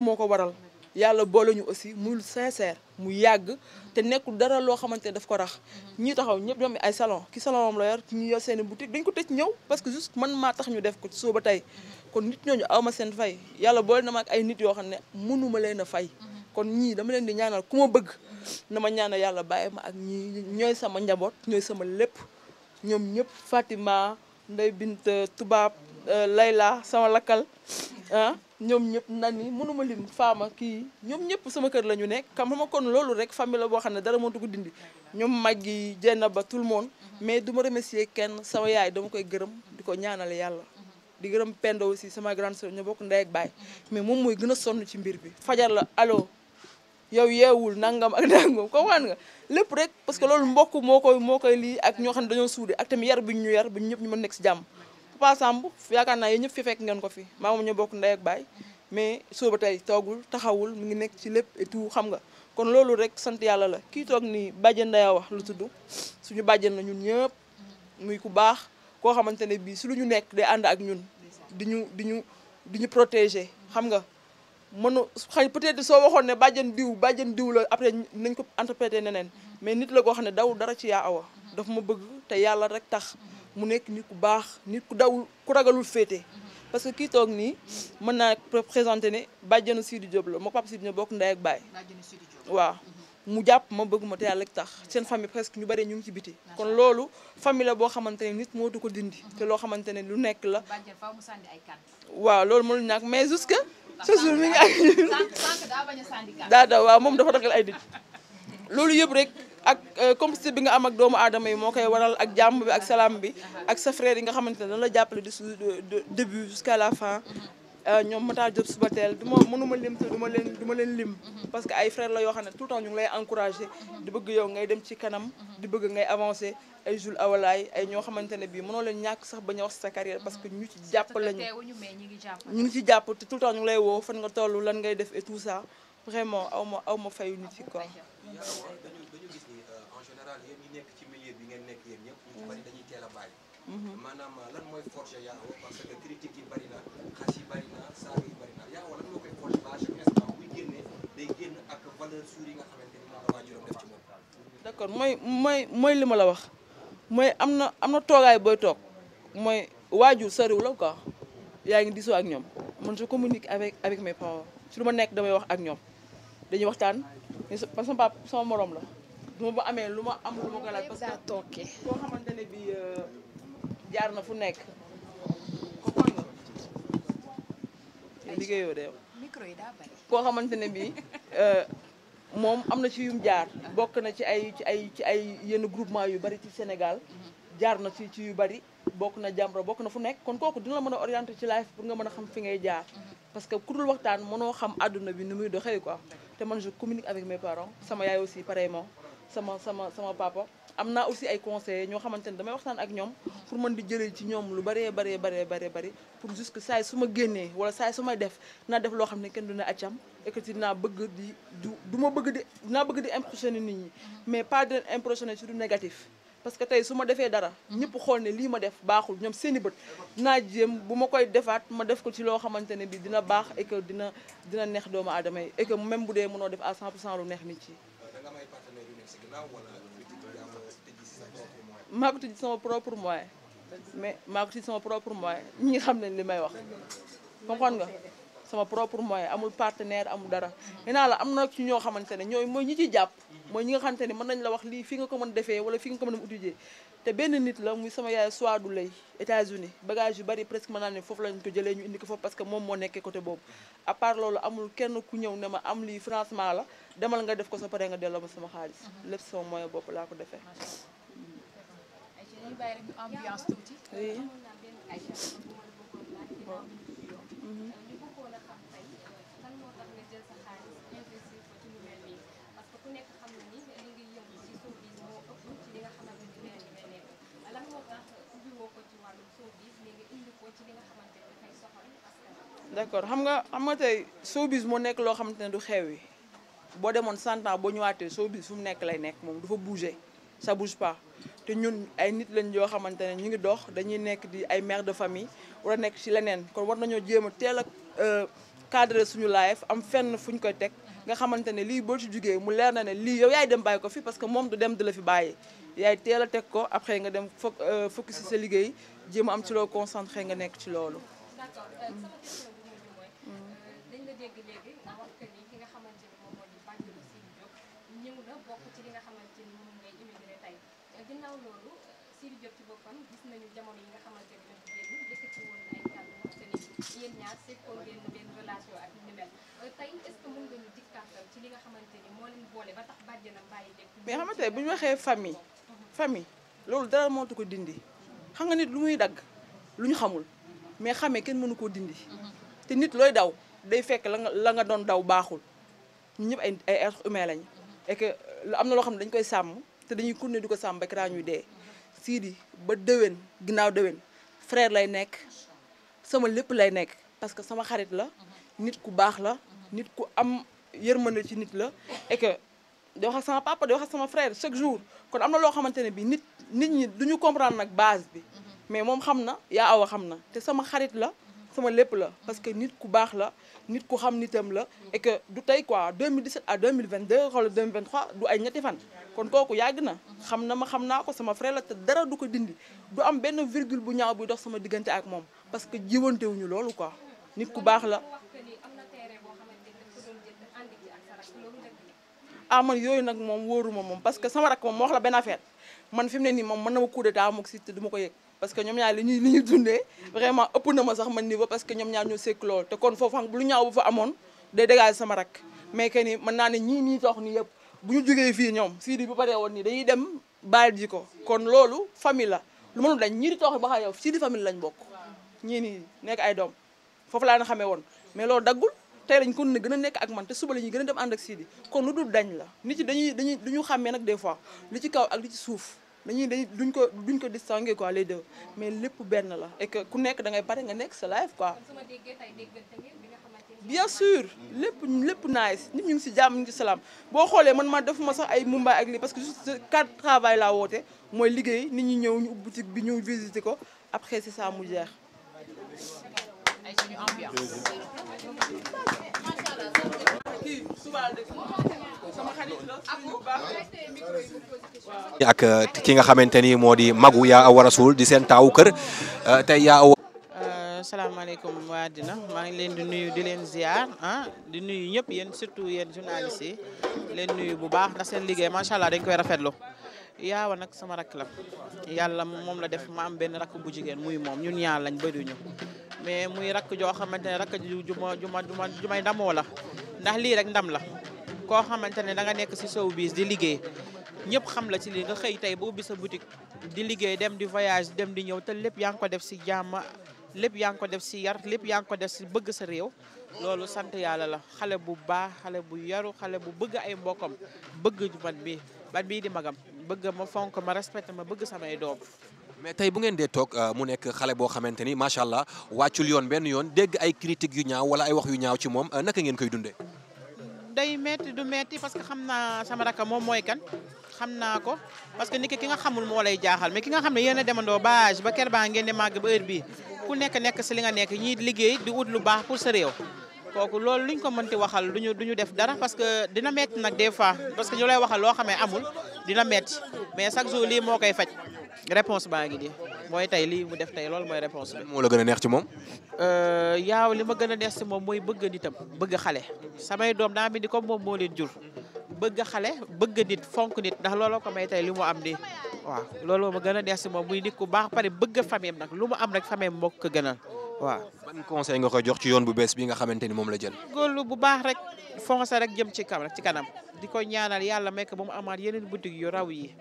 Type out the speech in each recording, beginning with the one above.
moo ko waral yàlla boole ñu aussi muy sincère mu yàgg te nekkul dara loo xamante ne daf ko rax ñi taxaw ñëpp ñoom ay salon ki salon moom la yor ñu yor seen i boutique dañ ko tëj ñëw parce que man maa tax ñu def ko soo ba tey kon nit ñooñu awma seen fay yàlla boole na ma ak ay nit yoo xam ne mënuma leen a fay kon ñii dama leen di ñaanal ku ma bëgg na ma ñaana yàlla bàyyi ma ak ñi ñooy sama njaboot ñooy sama lépp ñoom ñëpp Fatima Ndey Bint Tubaab euh, Layla sama lakkal ah. ñoom ñëpp nag ni mënuma lim faama kii ñoom ñëpp sama kër la ñu nekk xam nga kon loolu rek famille la boo xam ne dara mënut ko dindi ñoom mag yi jenn ba tout moon mhm. mais du ma remercier kenn sama yaay dama koy gërëm di ko ñaanale yàlla mhm. di gërëm Penda aussi sama grande sœur ñu bokk ndey ak baay mhm. mais moom mooy gën a sonn ci mbir bi fajar la allo yow yeewul nangam ak nangam comprendre nga lépp rek parce que loolu mbokk moo koy moo koy lii ak ñoo xam ne dañoo suude ak tamit yar bi ñu yar ba ñëpp ñu mën nekk si jàmm Papa Samb yaakaar naa yéen ñëpp fi fekk ngeen ko fi maa moom ñoo bokk ndey ak baay mais sooba tey toogul taxawul mu ngi nekk ci lépp et tout xam nga kon loolu rek sant yàlla la kii toog ni bàjjen daya wax lu tudd suñu bàjjen na ñun ñëpp muy ku baax koo xamante ne bii su lu ñu nekk day ànd ak ñun di ñu di ñu di ñu protéger xam nga mënu xëy peut-être soo waxoon ne bàjjen diw bàjjen diw la après nañ ko interpréter neneen mais nit la koo xam ne daw dara ci yaa awa daf ma bëgg te yàlla rek tax mu nekk nit ku baax nit ku dawul ku ragalul féete. parce que kii toog nii mën naa présenté ne bàjjenu Sidi Diop la ma papa Sidi Diop bokk ndey ak baay. waa mu jàpp ma bëgg ma te yàlla tax seen famille presque ñu bare ñu ngi ci biti. kon loolu famille la boo xamante ne nit moo du ko dindi. te loo xamante ne lu nekk la. waaw loolu mënul ñàkk mais jusque ce jour mi ngi ak ñun. daa da waaw moom dafa dagal ay nit loolu yëpp rek. ak euh, complicité bi nga am ak doomu aadama yi moo koy waral ak jàmm bi ak salaam bi ak sa frère yi nga xamante ne dañ la jàppale du début jusqu'à la fin euh, ñoom Matar Diop Subatel du ma mënuma lim te du ma leen du ma lim parce que ay frère la yoo xam ne tout le temps ñu ngi lay encouragé di bëgg yow di bëgg ngay avancé ay Jules Awalaay ay ñoo xamante ne bii mënoo leen ñàkk sax ba ñu wax sa carrière parce que ñu ci jàpp lañu ñu ngi ci jàpp te tout le temps ñu ngi lay woo fan nga toll lan ngay def et tout ça vraiment aw ma aw ma fayu maanaam euh, lan mooy forger Yaawa parce que critique yi d'accord mooy mooy li ma la wax mooy am na am na toogaay booy toog mooy waajur sa réew la quoi yaa ngi diisoo ak ñoom man je communique avec avec mes parents su lu ma nekk damay wax ak ñoom dañuy waxtaan parce que sama papa sama morom la duma amee lu ma am lu ma ko laaj parce que toog jaar na fu nekk liggéeyoo de yow koo xamante ne bii euh, moom am na ci yum jaar bokk na ci ay ci ay ci ay yenn groupement yu bari ci Sénégal jaar na ci ci yu bari bokk na Jamra bokk na fu nekk kon kooku dina la mën a orienter ci life pour nga mën a xam fi ngay jaar parce que ku waxtaan mënoo xam àdduna bi ni muy doxee quoi te man je communique avec mes parents sama yaay aussi pareillement sama sama sama papa am naa aussi ay conseillers ñoo xamante ne damay waxtaan ak ñoom pour mën di jëlee ci ñoom lu bëree bëree bëree bëree bëri pour jusque saa yi su ma génnee wala saa su may def naa def loo xam ne kenn du ne accam et que dinaa bëgg di du du ma bëgg di dinaa bëgg di impressionner nit ñi mais pas de impressionner ci du négatif parce que tey su ma defee dara ñëpp xool ne lii ma def baaxul ñoom seeni bët naa jéem bu ma koy defaat ma def ko ci loo xamante ne bi dina baax et dina dina neex doomu aadama yi bu dee mënoo def à 100 pour lu neex nit ci maa ko tijji sama propre moyen mais maa ko tijji sama propre moyen ñi xam nañ li may wax comprendre nga sama propre moyen amul partenaire amul dara nee naa la am na ci ñoo xamante ne ñooy mooy ñi ci jàpp mooy ñi nga xamante ne mën nañ la wax lii fi nga ko mën wala fi nga ko mën a benn nit la muy sama yaay Souadou Lay États-Unis bagage yu bari presque mën naa foofu lañ ko jëlee ñu indi ko foofu que moom moo nekkee côté boobu loolu amul kenn ku ñëw ne ma am lii financement la demal nga def ko sa pare nga delloo ma sama xaalis lépp sama moyen bopp laa ko defee dañuy bàyyi xam nga jël sa xaalis investir nekk d'accord xam nga xam nga tey showbiz moo nekk loo xamante ne du xew yi boo demoon cent ans boo ñëwaatee showbiz fu mu nekk lay nekk moom dafa fa ça bouge pas te ñun ay nit lañ yoo xamante ne ñu ngi dox dañuy nekk di ay mère de famille wala nekk ci leneen kon war nañoo jéem a teel a euh, cadre suñu life am fenn fu ñu koy teg nga xamante ne lii boo ci jugee mu leer na ne lii yow yaay dem bàyyi ko fi parce que moom du dem di la fi bàyyi yaay teel a teg ko après nga dem fo euh, focus ci sa liggéey jéem am ci loo concentré nga nekk ci loolu. ginnaaw loolu Sidy Diop ci boppam gis nañu jamono yi nga xamante bu ñu waxee famille. fami loolu dara mootu ko dindi. xam nga nit lu muy dagg lu ñu xamul mais xamee kenn mënu koo dindi. te nit looy daw day fekk la la nga doon daw baaxul ñun ñëpp ay ay êtres humains lañu. am na loo xam ne dañ koy sàmm. te dañuy continuer di ko sàmm ba keraa ñuy dee Sidi ba déwén ginnaaw déwén frère lay nekk sama lépp lay nekk parce que sama xarit la nit ku baax la nit ku am yërmande ci nit la et que di wax sama papa di wax sama frère chaque jour kon am na loo xamante ne bi nit nit ñi ñu comprendre nag base bi mais moom xam na yaa awa xam na te sama xarit la sama lépp la parce que nit ku baax la nit ku xam nitam la et du tey quoi 2017 à 2022 wala 2023 du ay ñetti fan kon kooku yàgg na xam na ma xam naa ko sama frère dara du ko dindi du am benn virgule bu ñaaw buy dox sama diggante ak moom parce que jiwantewuñu loolu quoi nit ku baax la ah man yooyu nag moom wóoruma moom parce que sama rakk moom ma wax la benn affaire man fi mu ne nii moom mën na ma coup d'état moom si te du ko yëg parce que ñoom ñaar ñu ñuy li ñuy dundee vraiment ëpp na ma sax man niveau parce que ñoom ñaar ñoo sekk lool te kon foofu xam lu ñaaw bu fa amoon day dégager sama rak mais que ni mën naa ne ñii nii toog nii yëpp bu ñu jógee fii ñoom sii di bu paree woon nii dañuy dem ko kon loolu famille la lu mënul dañ ñii di toog ba xaa yow sii di lañ bokk ñii nii nekk ay doom foofu laa na xamee woon mais loolu daggul te lañ kon ne gën a nekk ak man te suba la gën a dem ànd ak sii kon lu dul dañ la nit ci dañuy dañuy du ñu xàmmee nag des fois li ci kaw ak li ci suuf dañuy day duñ ko duñ ko distinguer quoi les deux mais lépp benn la et ku nekk da ngay pare nga nekk sa live quoi. bien sûr lépp lépp nice nit ñu ngi si jàmm ñu ngi salaam boo xoolee man ma defuma sax ay Mumbai ak lii parce que juste cadre travail laa woote mooy liggéey nit ñi ñëw ñu ubbi boutique bi ñu visiter ko après si saa mu jeex. ak eh, ki nga xamante ni moo di magu yaa awa rasul di seen taawu kër eh, tey yaa awa eh, salaamaaleykum waa maa ngi leen di nuyu di leen ziar a ah, di nuyu ñëpp yéen surtout yéen journalistes yi leen nuyu bu baax ndax seen liggéey macha allah dañ koy rafetlu yaawa nag sama rakk la yàlla moom la def maam benn rakk bu jigéen muy moom ñun ñaar lañ bëriñu mais muy rakk joo xamante ne rakk ju ma ju ma ju may damoo la ndax lii rek ndam la koo xamante ne da nga nekk si biis di liggéey ñëpp xam la ci lii nga xëy tey ba ubbi sa boutique di liggéey dem di voyage dem di ñëw te lépp yaa ngi ko def si jàmm lépp yaa ngi ko def si yar lépp yaa ngi ko def si bëgg sa réew loolu sant yàlla la xale bu baax xale bu yaru xale bu bëgg ay mbokkam bëgg man bi man bii di magam bëgg ma fonk ma respecté ma bëgg samay doom mais tey bu ngeen dee toog euh, mu nekk xale boo xamante ni macha allah wàccul yoon benn yoon dégg ay critiques yu ñaaw wala ay wax yu ñaaw ci moom euh, naka ngeen koy dundee. day metti du metti parce que xam naa sama rakk moom mooy kan xam naa ko parce que nit ki nga xamul moo lay jaaxal mais ki nga xam ne yéen a demandoo ba âge ba ker baa ngeen di màgg ba heure bi ku nekk nekk si li nga nekk ñii liggéey di ut lu baax pour sa réew. kooku loolu ñu ko mënti waxal du ñu def dara parce que dina metti nag des fois parce que ñu lay waxal loo xamee amul dina metti mais chaque jour lii moo koy faj réponse baa ngi di mooy tey lii mu def tey loolu mooy réponse bi. moo la gën a neex ci moom. Euh, yaaw li ma gën a neex ci moom mooy bëgg nitam bëgg xale samay doom daa mel ni comme moom moo leen jur bëgg xale bëgg nit fonk nit ndax looloo ko may tey li mu am nii waaw loolu ma gën a neex ci moom muy nit ku baax pare bëgg famille am nag lu mu am rek famille am moo ko gënal. waaw ban conseil nga koy jox ci yoon bu bees bi nga xamante ni moom la jël góorlu bu baax rek foncer rek jëm ci kam rek ci kanam di ko ñaanal yàlla mekk ba mu amaat yeneen boutique yu raw yi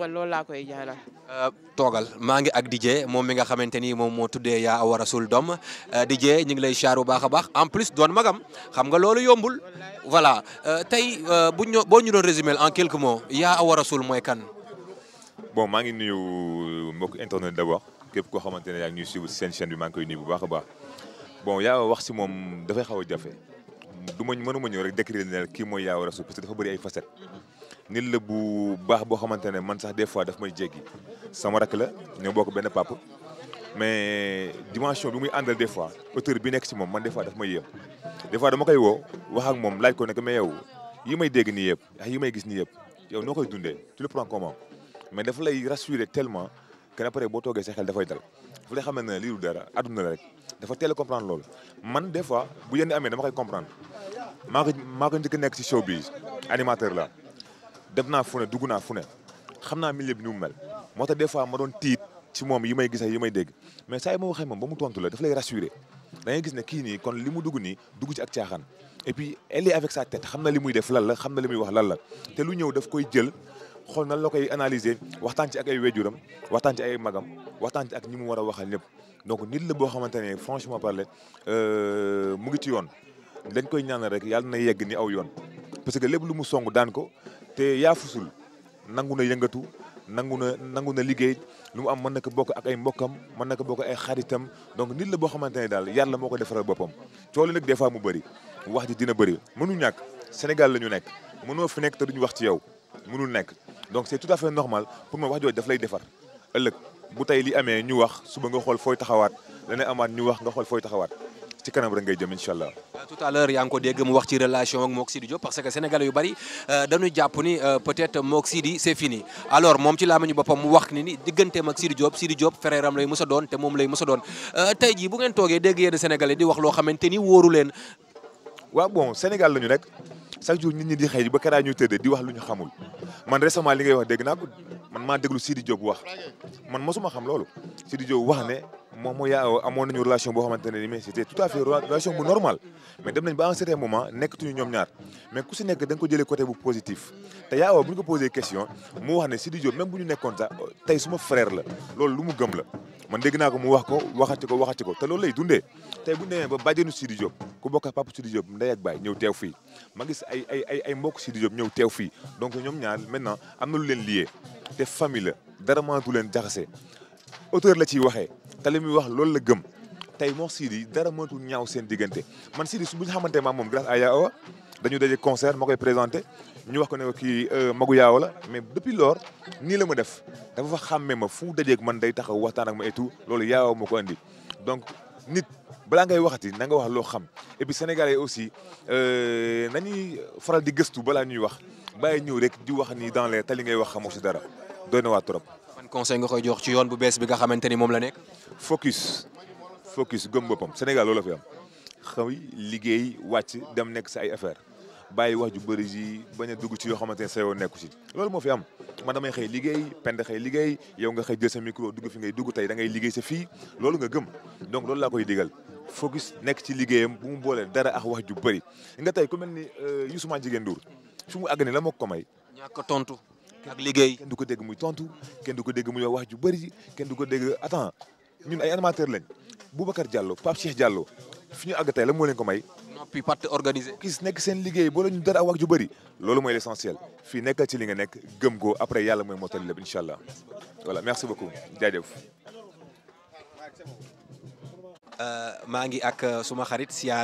ba loolu laa koy ñaanal euh, toogal maa ngi ak DJ moom mi nga xamante ni moom moo tuddee yaa awa rasul doom euh, DJ ñu ngi lay char bu baax a baax en plus doon magam xam nga loolu yombul voilà euh, tey bu ñu boo ñu doon résumer en quelques mots yaa awa rasul mooy kan bon maa ngi nuyu mbokk internet d'abord képp ko xamante yaa ngi ñuy bi maa ngi koy nuyu bu baax a baax bon yaa wax si moom dafay xaw a jafe du ma mënuma ñëw rek décrire ne kii mooy Yaawa Rassoul parce que dafa bëri ay facettes la bu baax boo xamante ne man sax des fois daf may jéggi sama rak la ñoo bokk benn papa mais dimension bi muy àndal des fois auteur bi nekk si moom man des fois daf may yéem des fois dama koy woo wax ak moom laaj ko nekk mais yow yi may dégg nii yëpp ak yi may gis nii yëpp yow noo koy dundee tu le kenn après boo toogee sa xel dafay dal fu lay xamee ne lii du dara adduna la rek dafa teel a comprendre loolu man des fois bu yenn amee dama koy comprendre maa ko njëkk nekk ci show bi animateur la dem naa fu ne dugg naa fu ne xam naa milieu bi ni mu mel moo tax des fois ma doon tiit ci moom yi may gis yi may dégg mais saa yi ma waxee moom ba mu tontu la dafa lay rassurer da gis ne kii nii kon li mu dugg nii dugg ci ak caaxaan et puis elle avec sa xam na li muy def lan la xam na li muy wax lan la te lu ñëw daf koy jël xool nan la koy analyser waxtaan ci ak ay wéjuram waxtaan ci ay magam waxtaan ci ak ñi mu war a waxal ñëpp donc nit la boo xamante ne franchement parler euh, mu ngi ci yoon dañ koy ñaanal rek yàlla na yegg ni aw yoon parce que lépp lu mu song daan ko te yaa fusul nangu na yëngatu nangu na nangu na liggéey lu mu am mën na ko bokk ak ay mbokkam mën na ko bokk ay xaritam donc nit la boo xamante ne daal yàlla moo ko defaral boppam coow li nag des fois mu bëri wax ji dina bëri mënu ñàkk Sénégal la ñu nekk mënoo fu nekk te duñu wax ci yow mënul nekk donc c'est tout à fait normal pour ma wax jooju daf lay defar ëllëg bu tey li amee ñu wax suba nga xool fooy taxawaat leneen amaat ñu wax nga xool fooy taxawaat ci kanam rek ngay jëm incha allah. Euh, tout à l'heure yaa dégg mu wax ci relation ak Mook Sidi Diop parce que sénégalais yu bari euh, dañuy jàpp ni euh, peut-être Mook Sidi c'est fini alors moom ci ñu boppam mu wax ni ni digganteem ak Sidi Diop Sidi Diop frère am lay mës a doon te moom lay mës a doon tey jii bu ngeen toogee dégg yéen sénégalais di wax loo xamante ni wóoru leen. waaw bon Sénégal lañu rek. chaque jour nit ñi di xëy ba karaa ñuy tëddee di wax lu ñu xamul man récemment li ngay wax dégg naa ko man maa déglu Sidi Diop wax man mosuma xam loolu Sidi Diop wax ne moom mooy amoon nañu relation boo xamante ne ni mais c'était tout à fait relation bu normal mais dem nañ ba à moment ñaar mais ku si nekk da ko jëlee côté bu positif te yaa awa bu ñu ko posé question mu wax ne bu ñu nekkoon sax tey suma frère la loolu lu mu gëm la man dégg ko mu wax ko waxati ko waxati ko te loolu lay dundee tey bu ñu demee ba bàjjenu Sidi Diop ku bokk ak papa ay ay ay ay mbokk ñëw teew fii donc ñoom ñaar maintenant am na lu leen lié te famille la dara mënatu leen jaxasee auteur la ciy waxee te li muy wax loolu la gëm tey moo Sidi dara moytu ñaaw seen diggante man Sidi su bu ñu xamante maam moom grâce à Yaawa dañu daje concert ma koy présenté ñu wax ko ne ko kii euh, magu yaaw la mais depuis lors nii la ma def dafa fa xàmmee ma fu dajeek man day taxaw waxtaan ak ma et loolu yaaw moo ko andi donc nit balaa ngay waxati na nga wax loo xam et puis sénégalais aussi euh, nañuy faral di gëstu balaa ñuy wax bàyyi ñëw rek di wax ni dans les tali ngay wax xamoo si dara doy na waa trop. conseil nga koy jox ci yoon bu bees bi nga xamante ni moom la nekk. focus focus gëm boppam Sénégal loolu la fi am xëy liggéey wàcc dem nekk sa ay affaire bàyyi wax ju bëri ji bañ a dugg ci yoo xamante ne sa yoo nekku ci loolu moo fi am man damay xëy liggéey pend xëy liggéey yow nga xëy jël sa micro dugg fi ngay dugg tey dangay liggéey sa fii loolu nga gëm donc loolu laa koy digal focus nekk ci liggéeyam bu mu boolee dara ak wax ju bëri nga tey ku mel ni euh, Youssou Ndour fi mu àgg ni la moo ko may. ñàkk tontu. ak liggéey kenn du ko dégg muy tontu kenn du ko dégg muy wax ju bëri kenn du ko dégg attends ñun ay animateur lañ Boubacar Diallo Pape Cheikh Diallo fi ñu àgg tey la moo leen ko may. noppi nekk seen liggéey boo la ñu dara wax ju bëri loolu mooy l'essentiel fii nekkal ci li nga nekk gëm après yàlla mooy mottali lépp incha allah voilà merci beaucoup jaajëf. Euh,